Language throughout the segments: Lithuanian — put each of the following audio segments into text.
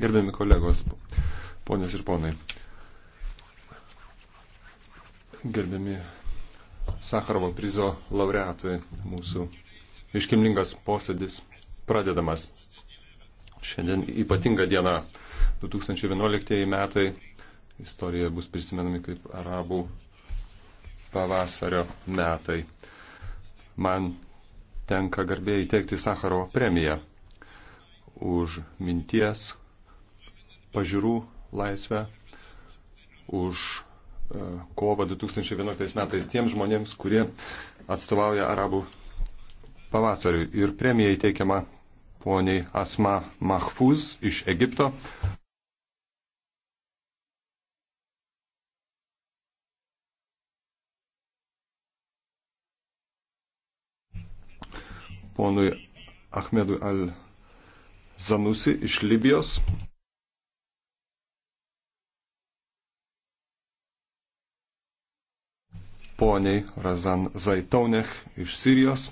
Gerbiami kolegos, ponios ir ponai, gerbiami Sakarovo prizo laureatui, mūsų iškilmingas posėdis pradedamas. Šiandien ypatinga diena, 2011 metai, istorija bus prisimenami kaip arabų pavasario metai. Man tenka garbė įteikti Sakaro premiją už minties, pažiūrų laisvę, už e, kovą 2011 metais tiems žmonėms, kurie atstovauja arabų pavasariui. Ir premija įteikiama poniai Asma Mahfuz iš Egipto. ponui Ahmedui Al Zanusi iš Libijos. Poniai Razan Zaitaunech iš Sirijos.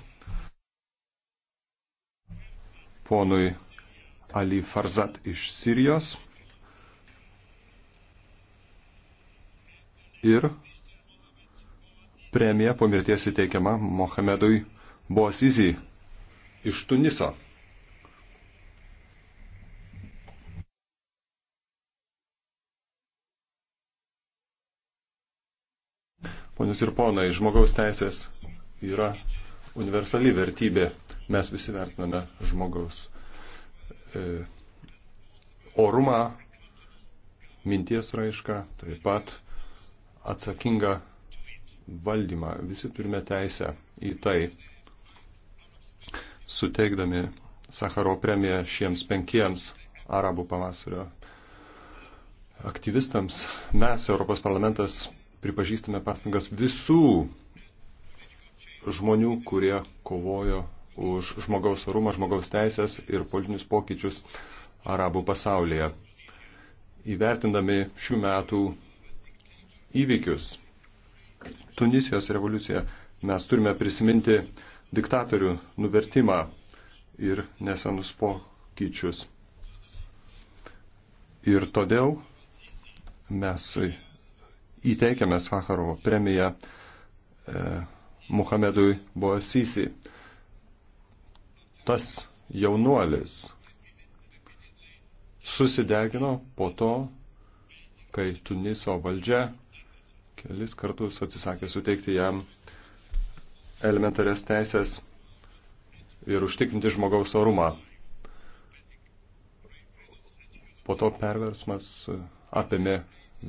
Ponui Ali Farzat iš Sirijos. Ir premija po mirties įteikiama Mohamedui Bosizi iš Tuniso. Ponius ir ponai, žmogaus teisės yra universali vertybė. Mes visi vertiname žmogaus e, orumą, minties raišką, taip pat atsakingą valdymą. Visi turime teisę į tai suteikdami Sakaro premiją šiems penkiems arabų pavasario aktyvistams. Mes, Europos parlamentas, pripažįstame pastangas visų žmonių, kurie kovojo už žmogaus orumą, žmogaus teisės ir politinius pokyčius arabų pasaulyje. Įvertindami šių metų įvykius, Tunisijos revoliuciją, mes turime prisiminti diktatorių nuvertimą ir nesenus pokyčius. Ir todėl mes įteikėme Sakarovo premiją e, Muhamedui Boasisi. Tas jaunuolis susidegino po to, kai Tuniso valdžia kelis kartus atsisakė suteikti jam elementarias teisės ir užtikrinti žmogaus orumą. Po to perversmas apėmė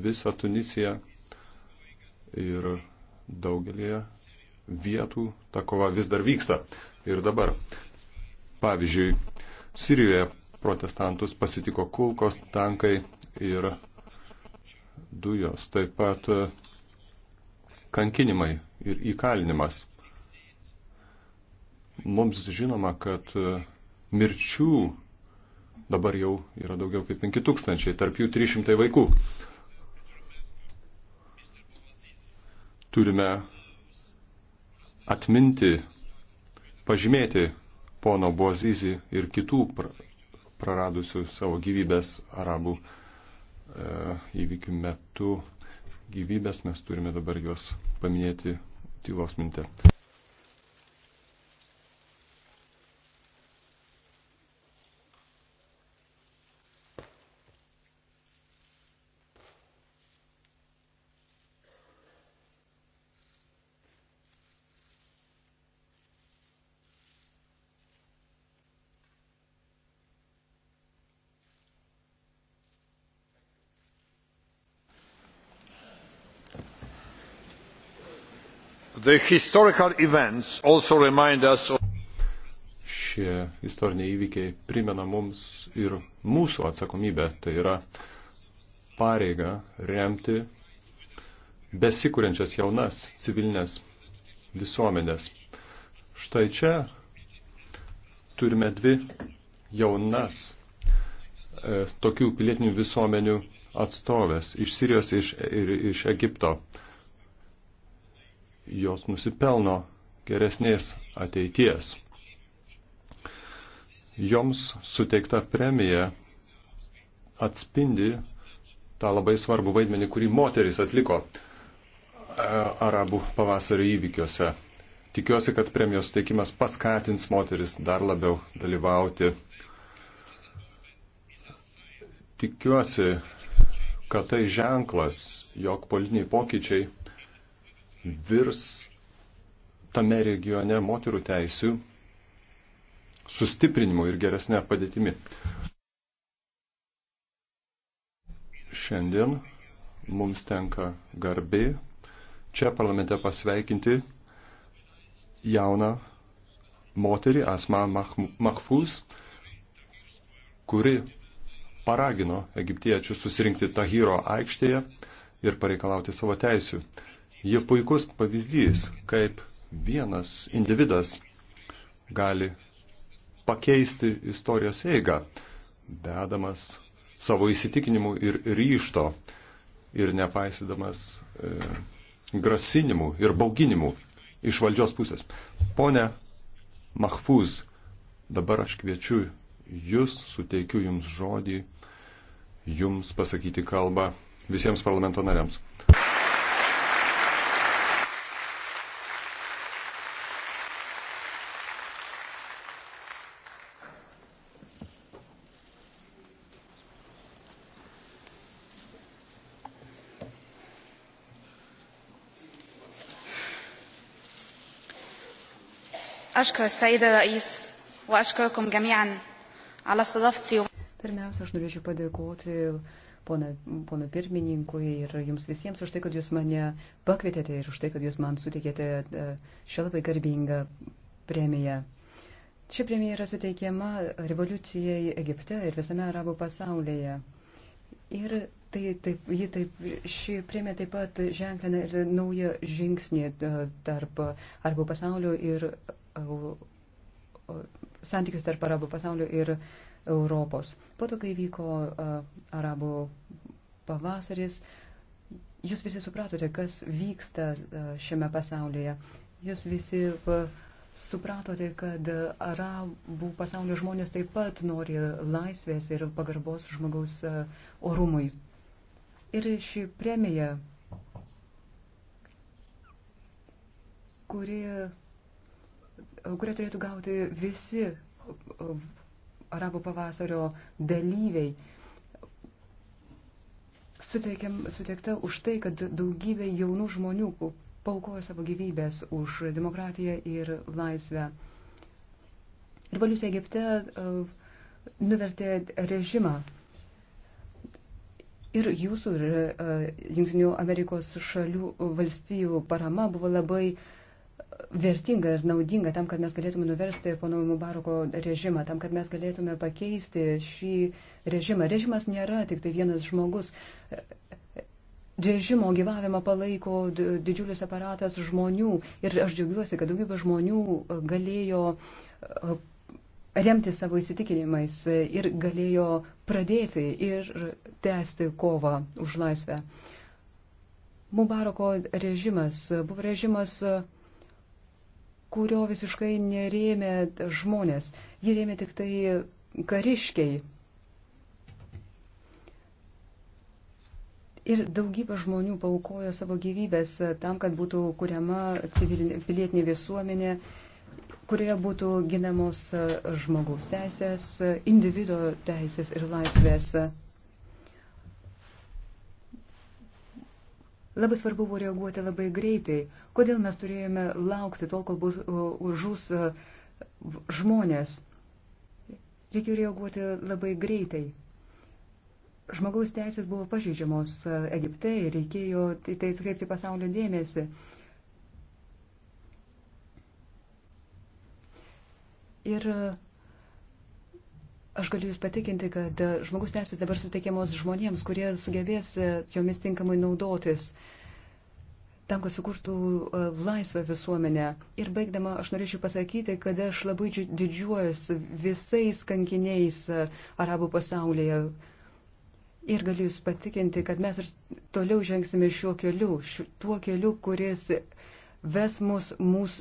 visą Tunisiją ir daugelį vietų ta kova vis dar vyksta. Ir dabar, pavyzdžiui, Sirijoje protestantus pasitiko kulkos, tankai ir dujos, taip pat kankinimai ir įkalinimas. Mums žinoma, kad e, mirčių dabar jau yra daugiau kaip 5000, tarp jų 300 vaikų. Turime atminti, pažymėti pono Boazizi ir kitų praradusių savo gyvybės arabų e, įvykių metu gyvybės, mes turime dabar juos paminėti tylos mintę. Of... Šie istoriniai įvykiai primena mums ir mūsų atsakomybę, tai yra pareiga remti besikūrenčias jaunas civilinės visuomenės. Štai čia turime dvi jaunas e, tokių pilietinių visuomenių atstovės iš Sirijos iš, ir iš Egipto. E, jos nusipelno geresnės ateities. Joms suteikta premija atspindi tą labai svarbų vaidmenį, kurį moteris atliko e, arabų pavasario įvykiuose. Tikiuosi, kad premijos suteikimas paskatins moteris dar labiau dalyvauti. Tikiuosi, kad tai ženklas, jog politiniai pokyčiai virs tame regione moterų teisių sustiprinimu ir geresnė padėtimi. Šiandien mums tenka garbė čia parlamente pasveikinti jauną moterį Asma Mahfuz, kuri paragino egiptiečius susirinkti Tahiro aikštėje ir pareikalauti savo teisių. Jie puikus pavyzdys, kaip vienas individas gali pakeisti istorijos eigą, bedamas savo įsitikinimų ir ryšto ir nepaisydamas e, grasinimų ir bauginimų iš valdžios pusės. Pone Mahfuz, dabar aš kviečiu Jūs, suteikiu Jums žodį, Jums pasakyti kalbą visiems parlamento nariams. أشكر السيد الرئيس وأشكركم جميعا على استضافتي Pirmiausia, aš norėčiau padėkoti pono pirmininkui ir jums visiems už tai, kad jūs mane pakvietėte ir už tai, kad jūs man suteikėte e, šią labai garbingą premiją. Ši premija yra suteikiama revoliucijai Egipte ir visame arabų pasaulyje. Ir tai, taip, ji taip, ši premija taip pat ženklina ir naują žingsnį e, tarp arabų pasaulio ir santykius tarp arabų pasaulio ir Europos. Po to, kai vyko e, arabų pavasaris, jūs visi supratote, kas vyksta e, šiame pasaulyje. Jūs visi e, supratote, kad arabų pasaulio žmonės taip pat nori laisvės ir pagarbos žmogaus orumui. Ir ši premija, kuri kurią turėtų gauti visi arabų pavasario dalyviai, suteikiam, suteikta už tai, kad daugybė jaunų žmonių paukojo savo gyvybės už demokratiją ir laisvę. Revoliucija Egipte uh, nuvertė režimą. Ir jūsų ir uh, e, Junktinių Amerikos šalių valstijų parama buvo labai uh, vertinga ir naudinga tam, kad mes galėtume nuversti pono Mubarako režimą, tam, kad mes galėtume pakeisti šį režimą. Režimas nėra tik tai vienas žmogus. Režimo gyvavimą palaiko didžiulis aparatas žmonių ir aš džiaugiuosi, kad daugybė žmonių e, galėjo e, remti savo įsitikinimais ir galėjo pradėti ir tęsti kovą už laisvę. Mubarako režimas buvo režimas kurio visiškai nerėmė žmonės. Jį rėmė tik tai kariškiai. Ir daugybė žmonių paukojo savo gyvybės tam, kad būtų kuriama civilinė, pilietinė visuomenė, kurioje būtų ginamos žmogaus teisės, individuo teisės ir laisvės. Labai svarbu buvo reaguoti labai greitai. Kodėl mes turėjome laukti tol, kol bus žus e, žmonės? Reikėjo reaguoti labai greitai. Žmogaus teisės buvo pažeidžiamos e, Egipte ir reikėjo į tai atkreipti pasaulio dėmesį. Ir e, Aš galiu Jūs patikinti, kad žmogus teisės dabar suteikiamos žmonėms, kurie sugebės e, jomis tinkamai naudotis, tam, kad sukurtų e, laisvą visuomenę. Ir baigdama, aš norėčiau pasakyti, kad aš labai didžiuojuosi visais kankiniais e, arabų pasaulyje. Ir galiu Jūs patikinti, kad mes ir toliau žengsime šiuo keliu, šiuo, tuo keliu, kuris ves mus, mus,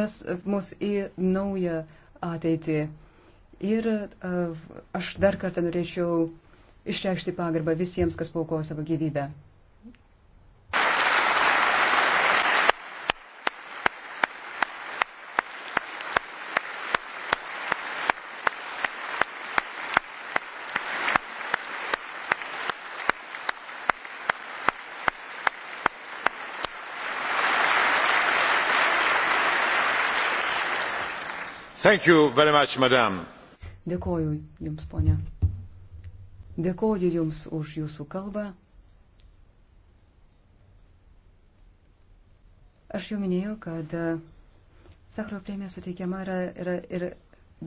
ves mus į naują ateitį. Ir aš dar kartą norėčiau išreikšti pagarbą visiems, kas paukojo savo gyvybę. Much, madam Dėkoju Jums, ponė. Dėkoju Jums už Jūsų kalbą. Aš jau minėjau, kad e, Sakro premija suteikiama yra, yra ir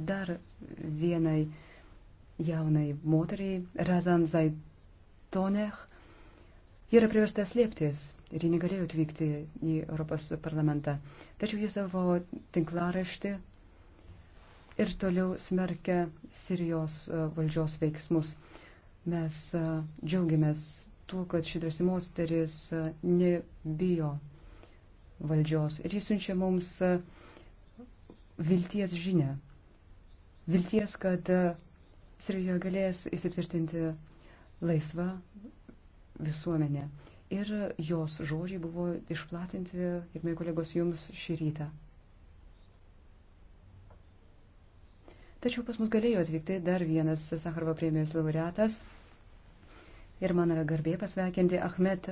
dar vienai jaunai moteriai, Razan Zaitonech. Ji yra priversta slėptis ir ji negalėjo atvykti į Europos parlamentą. Tačiau ji savo tinklaraštį ir toliau smerkia Sirijos e, valdžios veiksmus. Mes e, džiaugiamės tuo, kad šitas moteris e, nebijo valdžios ir jis siunčia mums vilties žinę. Vilties, kad Sirijoje galės įsitvirtinti laisva visuomenė. Ir jos žodžiai buvo išplatinti, ir mėgų kolegos jums šį rytą. Tačiau pas mus galėjo atvykti dar vienas Sakarvo premijos laureatas. Ir man yra garbė pasveikinti Ahmet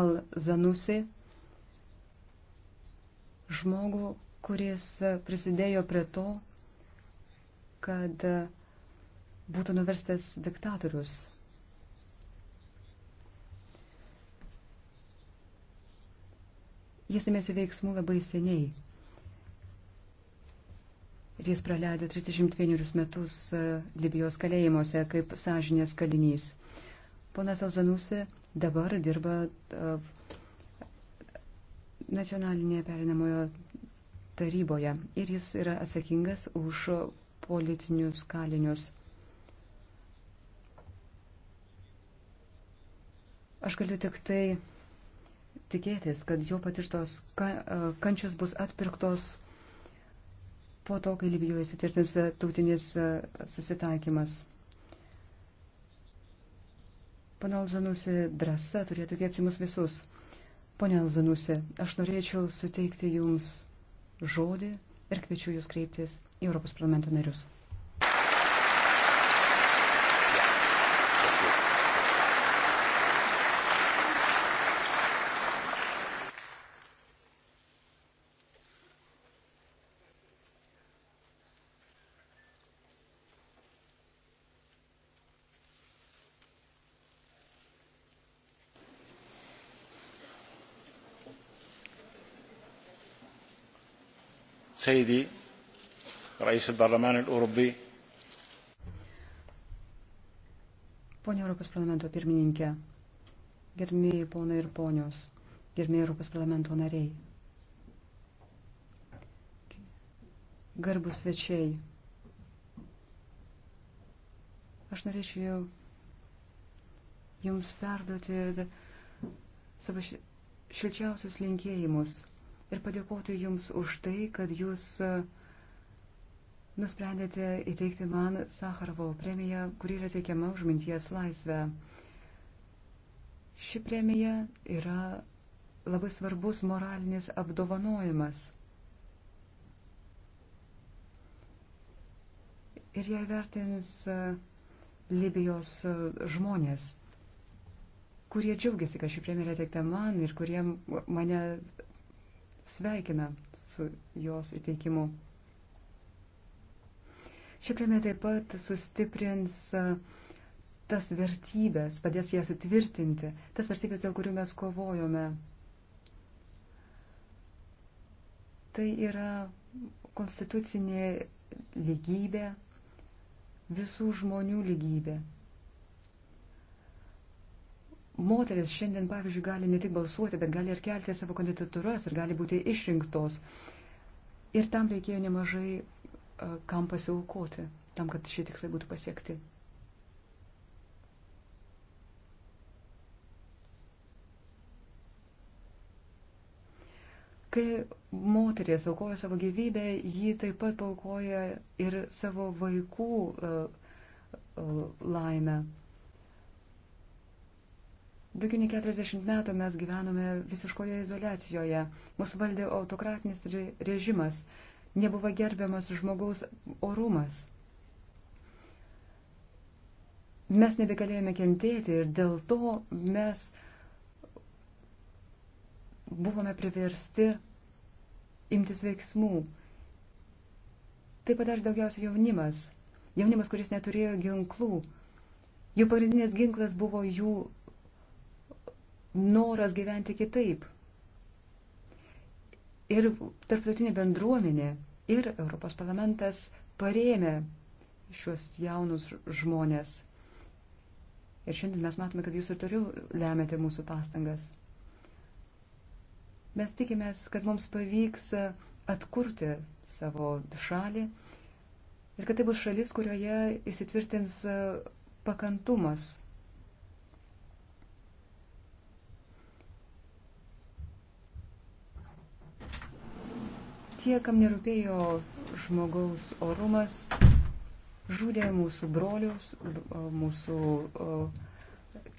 Al-Zanusi, žmogų, kuris prisidėjo prie to, kad būtų nuverstas diktatorius jis ėmėsi veiksmų labai seniai. Jis praleido 31 metus e, Libijos kalėjimuose kaip sąžinės kalinys. Ponas Alzanusi dabar dirba e, nacionalinėje perinamojo taryboje ir jis yra atsakingas už politinius kalinius. Aš galiu tik tai tikėtis, kad jo patirtos e, kančios bus atpirktos po to, kai Libijoje įsitvirtins e, tautinis e, susitaikymas. Pana Alzanusi, drąsa turėtų kėpti mus visus. Pone Alzanusi, aš norėčiau suteikti Jums žodį ir kviečiu Jūs kreiptis į Europos parlamento narius. سيدي رئيس البرلمان الأوروبي Pone Europos parlamento pirmininkė, gerbėjai ponai ir ponios, gerbėjai Europos parlamento nariai, garbus svečiai, aš norėčiau jums perduoti savo šilčiausius linkėjimus ir padėkoti Jums už tai, kad Jūs e, nusprendėte įteikti man Sakarovo premiją, kuri yra teikiama už minties laisvę. Ši premija yra labai svarbus moralinis apdovanojimas. Ir jai vertins e, Libijos e, žmonės, kurie džiaugiasi, kad ši premjera teikta man ir kurie mane sveikina su jos įteikimu. Ši premija taip pat sustiprins tas vertybės, padės jas įtvirtinti, tas vertybės, dėl kurių mes kovojome. Tai yra konstitucinė lygybė, visų žmonių lygybė, moteris šiandien, pavyzdžiui, gali ne tik balsuoti, bet gali ir kelti savo kandidatūras ir gali būti išrinktos. Ir tam reikėjo nemažai kam pasiaukoti, tam, kad šie tikslai būtų pasiekti. kai moteris aukoja savo gyvybę, ji taip pat paukoja ir savo vaikų laimę. Daugiau nei 40 metų mes gyvenome visiškoje izolacijoje. Mūsų valdė autokratinis režimas. Nebuvo gerbiamas žmogaus orumas. Mes nebegalėjome kentėti ir dėl to mes buvome priversti imtis veiksmų. Tai padarė daugiausiai jaunimas. Jaunimas, kuris neturėjo ginklų. Jų pagrindinės ginklas buvo jų noras gyventi kitaip. Ir tarptautinė bendruomenė ir Europos parlamentas parėmė šiuos jaunus žmonės. Ir šiandien mes matome, kad jūs ir toliau lemiate mūsų pastangas. Mes tikimės, kad mums pavyks atkurti savo šalį ir kad tai bus šalis, kurioje įsitvirtins pakantumas tie, kam nerūpėjo žmogaus orumas, žudė mūsų brolius, mūsų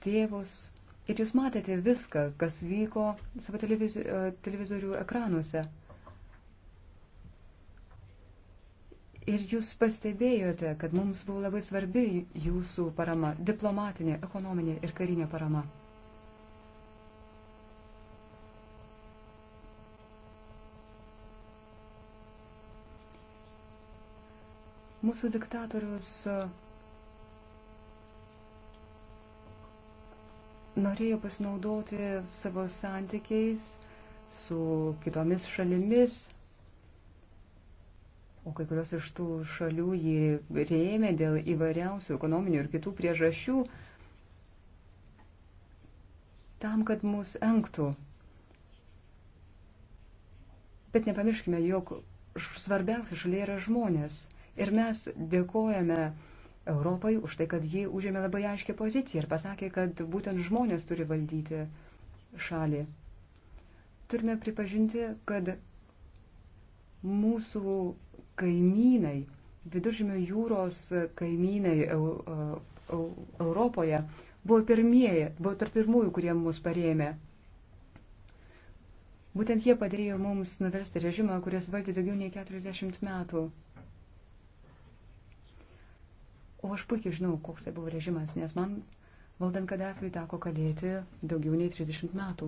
tėvus. Ir jūs matėte viską, kas vyko savo televizorių ekranuose. Ir jūs pastebėjote, kad mums buvo labai svarbi jūsų parama - diplomatinė, ekonominė ir karinė parama. Mūsų diktatorius e, norėjo pasinaudoti savo santykiais su kitomis šalimis, o kai kurios iš tų šalių jį rėmė dėl įvairiausių ekonominių ir kitų priežasčių, tam, kad mus enktų. Bet nepamirškime, jog svarbiausia šalia yra žmonės – Ir mes dėkojame Europai už tai, kad ji užėmė labai aiškę poziciją ir pasakė, kad būtent žmonės turi valdyti šalį. Turime pripažinti, kad mūsų kaimynai, viduržymio jūros kaimynai Europoje buvo pirmieji, buvo tarp pirmųjų, kurie mus parėmė. Būtent jie padėjo mums nuversti režimą, kuris valdė daugiau nei 40 metų. O aš puikiai žinau, koks tai buvo režimas, nes man valdant Kadafiui teko kalėti daugiau nei 30 metų.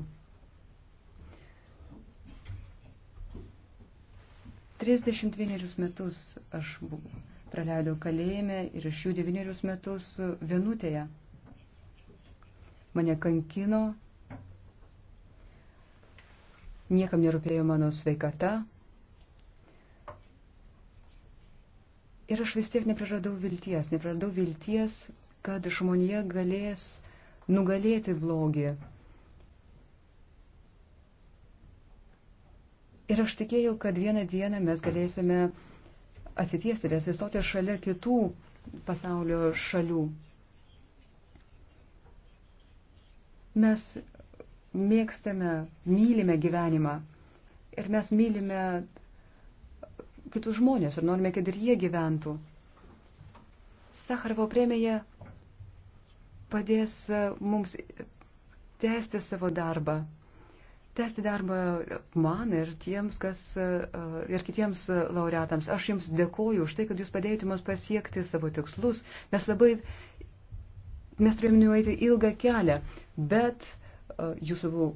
31 metus aš buvau, praleidau kalėjime ir iš jų 9 metus vienutėje. Mane kankino, niekam nerūpėjo mano sveikata, Ir aš vis tiek nepraradau vilties, nepraradau vilties, kad žmonija galės nugalėti blogį. Ir aš tikėjau, kad vieną dieną mes galėsime atsitiesti ir atsistoti šalia kitų pasaulio šalių. Mes mėgstame, mylime gyvenimą ir mes mylime kitus žmonės ir norime, kad ir jie gyventų. Sakharovo premija padės e, mums tęsti savo darbą. Tęsti darbą man ir, tiems, kas, e, e, ir kitiems laureatams. Aš jums dėkoju už tai, kad jūs padėjote mums pasiekti savo tikslus. Mes labai, mes turėjome nueiti ilgą kelią, bet jūsų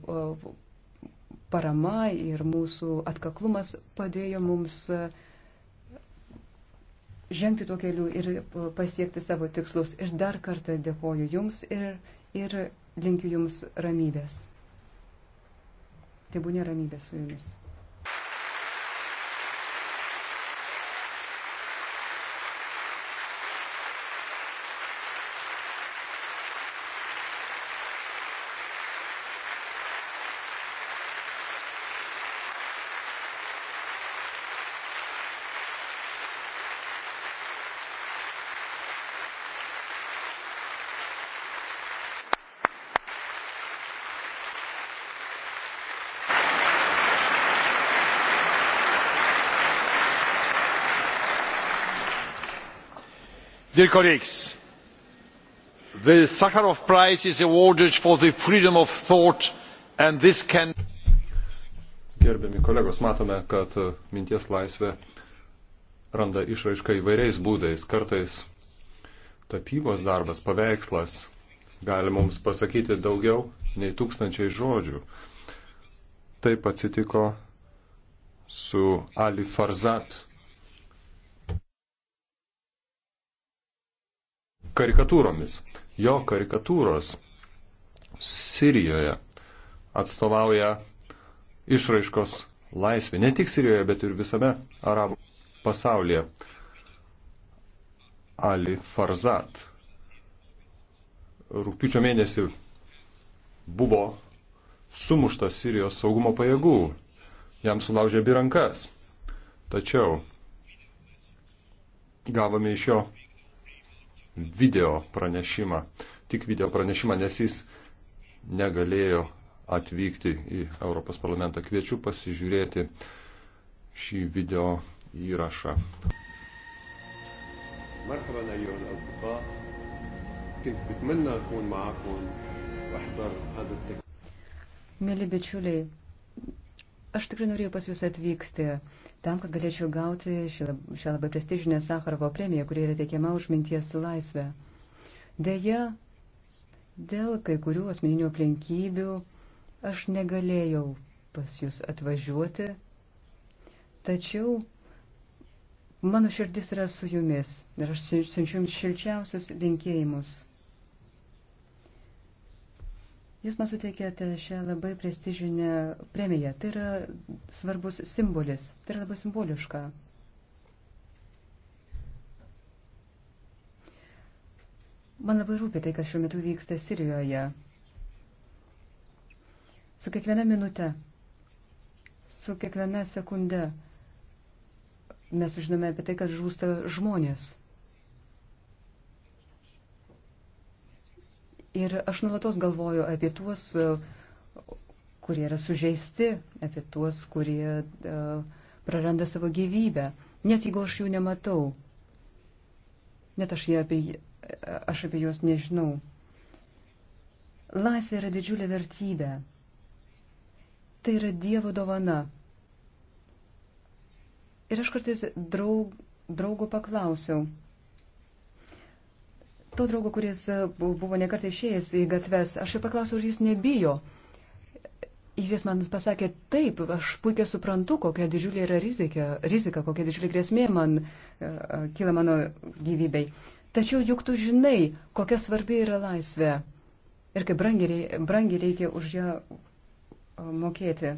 parama ir mūsų atkaklumas padėjo mums e, žengti tuo keliu ir e, pasiekti savo tikslus. Ir dar kartą dėkoju Jums ir, ir linkiu Jums ramybės. Tai būna ramybė su Jumis. Dear colleagues, the Sakharov Prize is awarded for the freedom of thought and this can. Gerbiami kolegos, matome, kad e, minties laisvė randa išraišką įvairiais būdais. Kartais tapybos darbas, paveikslas gali mums pasakyti daugiau nei tūkstančiai žodžių. Taip atsitiko su Ali Farzat karikatūromis. Jo karikatūros Sirijoje atstovauja išraiškos laisvė. Ne tik Sirijoje, bet ir visame arabų pasaulyje. Ali Farzat rūpiučio mėnesį buvo sumuštas Sirijos saugumo pajėgų. Jam sulaužė abi rankas. Tačiau gavome iš jo video pranešimą, tik video pranešimą, nes jis negalėjo atvykti į Europos parlamentą. Kviečiu pasižiūrėti šį video įrašą. مرحبا أيها الأصدقاء كنت بتمنى أكون معكم وأحضر هذا التكليف Mėly bičiuliai, aš tikrai norėjau pas Jūs atvykti tam, kad galėčiau gauti šią labai prestižinę Sakarovo premiją, kuri yra teikiama už minties laisvę. Deja, dėl kai kurių asmeninių aplinkybių aš negalėjau pas jūs atvažiuoti, tačiau mano širdis yra su jumis ir aš siunčiu jums šilčiausius linkėjimus. Jūs man suteikėte šią labai prestižinę premiją. Tai yra svarbus simbolis. Tai yra labai simboliška. Man labai rūpia tai, kas šiuo metu vyksta Sirijoje. Su kiekviena minute, su kiekviena sekunde mes sužinome apie tai, kad žūsta žmonės. Ir aš nuolatos galvoju apie tuos, e, kurie yra sužeisti, apie tuos, kurie e, praranda savo gyvybę, net jeigu aš jų nematau. Net aš, apie, aš apie juos nežinau. Laisvė yra didžiulė vertybė. Tai yra Dievo dovana. Ir aš kartais draug, draugo paklausiau, to draugo, kuris e, buvo nekart išėjęs į gatves, aš jo paklausiau, ar jis nebijo. Ir jis man pasakė, taip, aš puikiai suprantu, kokia didžiulė yra rizika, rizika kokia didžiulė grėsmė man uh, kyla mano gyvybei. Tačiau juk tu žinai, kokia svarbi yra laisvė ir kaip brangiai, brangiai reikia už ją mokėti.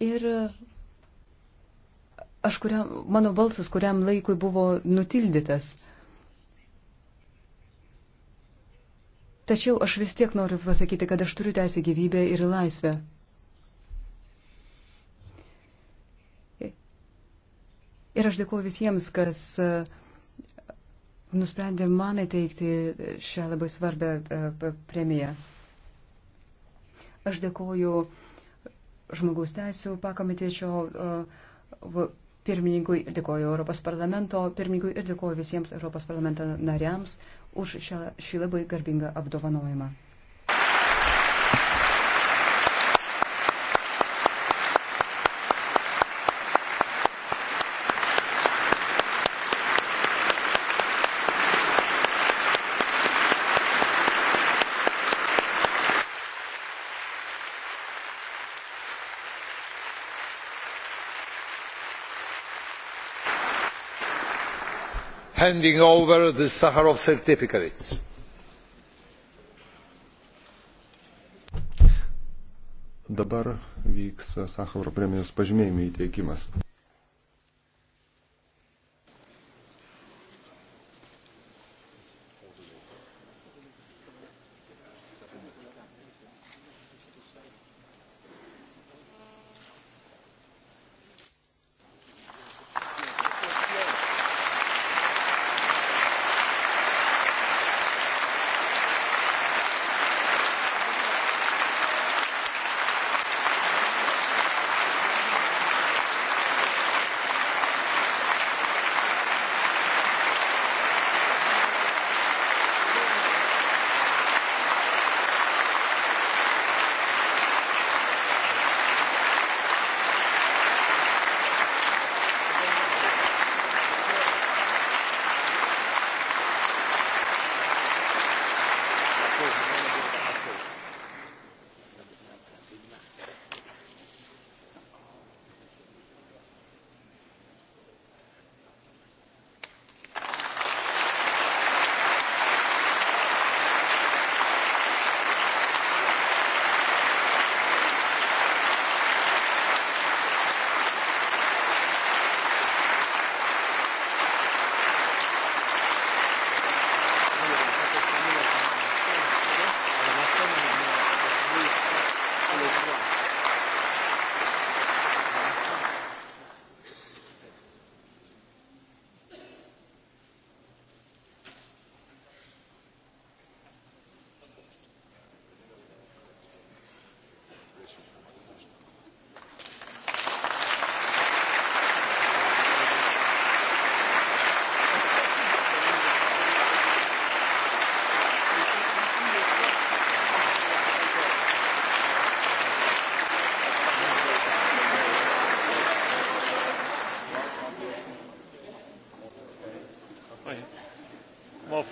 Ir uh, aš kuriam, mano balsas kuriam laikui buvo nutildytas. Tačiau aš vis tiek noriu pasakyti, kad aš turiu teisę gyvybę ir laisvę. Ir aš dėkuoju visiems, kas uh, nusprendė man įteikti šią labai svarbę uh, premiją. Aš dėkuoju žmogaus teisų pakomitečio uh, pirmininkui ir dėkoju Europos parlamento pirmininkui ir dėkoju visiems Europos parlamento nariams už šią, šį labai garbingą apdovanojimą. handing over the Sakharov certificates. Dabar vyks Sakharov premijos pažymėjimai įteikimas.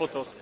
fotos.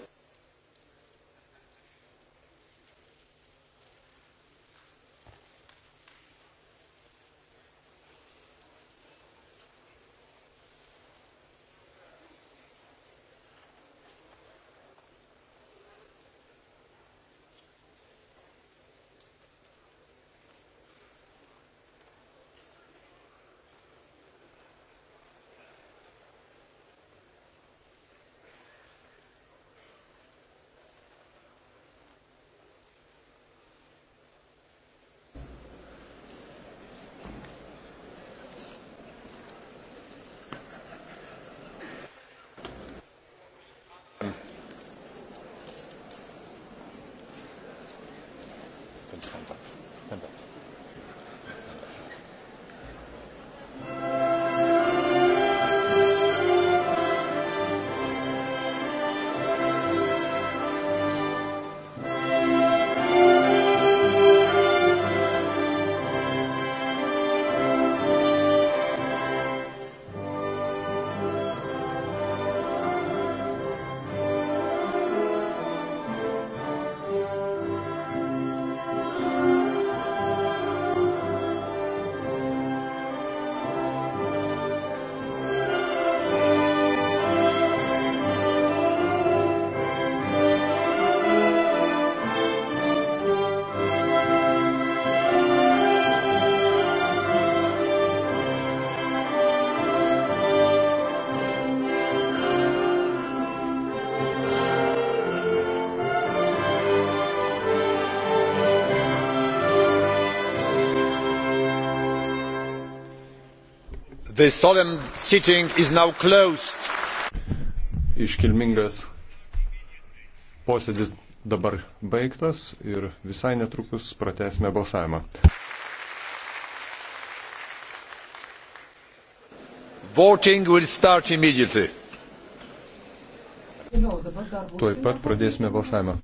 The solemn sitting is now closed. Iškilmingas posėdis dabar baigtas ir visai netrukus pratesime balsavimą. Voting will start immediately. Tuoj pat pradėsime balsavimą.